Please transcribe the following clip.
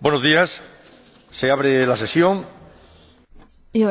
buenos días se abre la sesión.